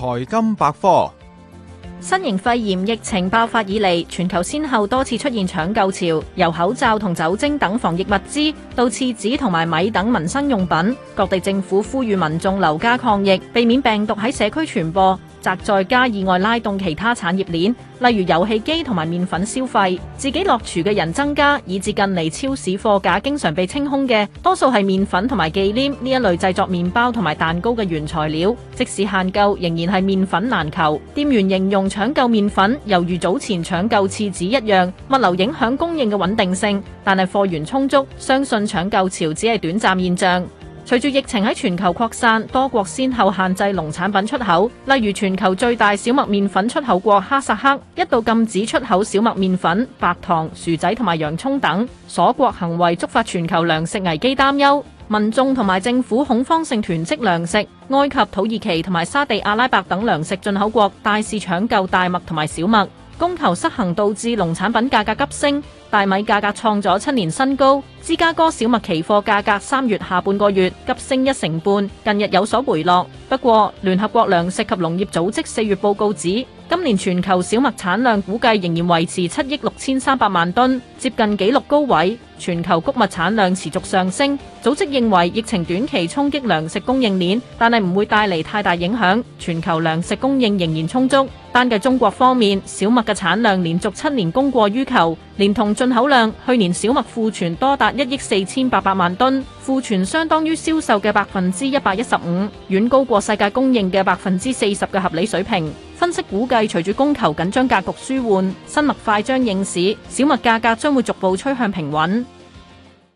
財金百科：新型肺炎疫情爆發以嚟，全球先後多次出現搶購潮，由口罩同酒精等防疫物資，到廁紙同埋米等民生用品，各地政府呼籲民眾留家抗疫，避免病毒喺社區傳播。宅在家意外，拉動其他產業鏈，例如遊戲機同埋麵粉消費。自己落廚嘅人增加，以至近嚟超市貨架經常被清空嘅，多數係麵粉同埋忌廉呢一類製作麵包同埋蛋糕嘅原材料。即使限購，仍然係麵粉難求。店員形容搶購麵粉，猶如早前搶購廁紙一樣，物流影響供應嘅穩定性，但係貨源充足，相信搶購潮只係短暫現象。隨住疫情喺全球擴散，多國先後限制農產品出口，例如全球最大小麥麵粉出口國哈薩克一度禁止出口小麥麵粉、白糖、薯仔、同埋洋蔥等。鎖國行為觸發全球糧食危機擔憂，民眾同埋政府恐慌性囤積糧食。埃及、土耳其同埋沙地阿拉伯等糧食進口國大肆搶購大麥同埋小麥。供求失衡導致農產品價格急升，大米價格創咗七年新高。芝加哥小麥期貨價格三月下半個月急升一成半，近日有所回落。不過，聯合國糧食及農業組織四月報告指，今年全球小麥產量估計仍然維持七億六千三百萬噸，接近紀錄高位。全球穀物產量持續上升。組織認為疫情短期衝擊糧食供應鏈，但係唔會帶嚟太大影響。全球糧食供應仍然充足。單計中國方面，小麥嘅產量連續七年供過於求，連同進口量，去年小麥庫存多達一億四千八百萬噸，庫存相當於銷售嘅百分之一百一十五，遠高過世界供應嘅百分之四十嘅合理水平。分析估計，隨住供求緊張格局舒緩，新麥快將應市，小麥價格將會逐步趨向平穩。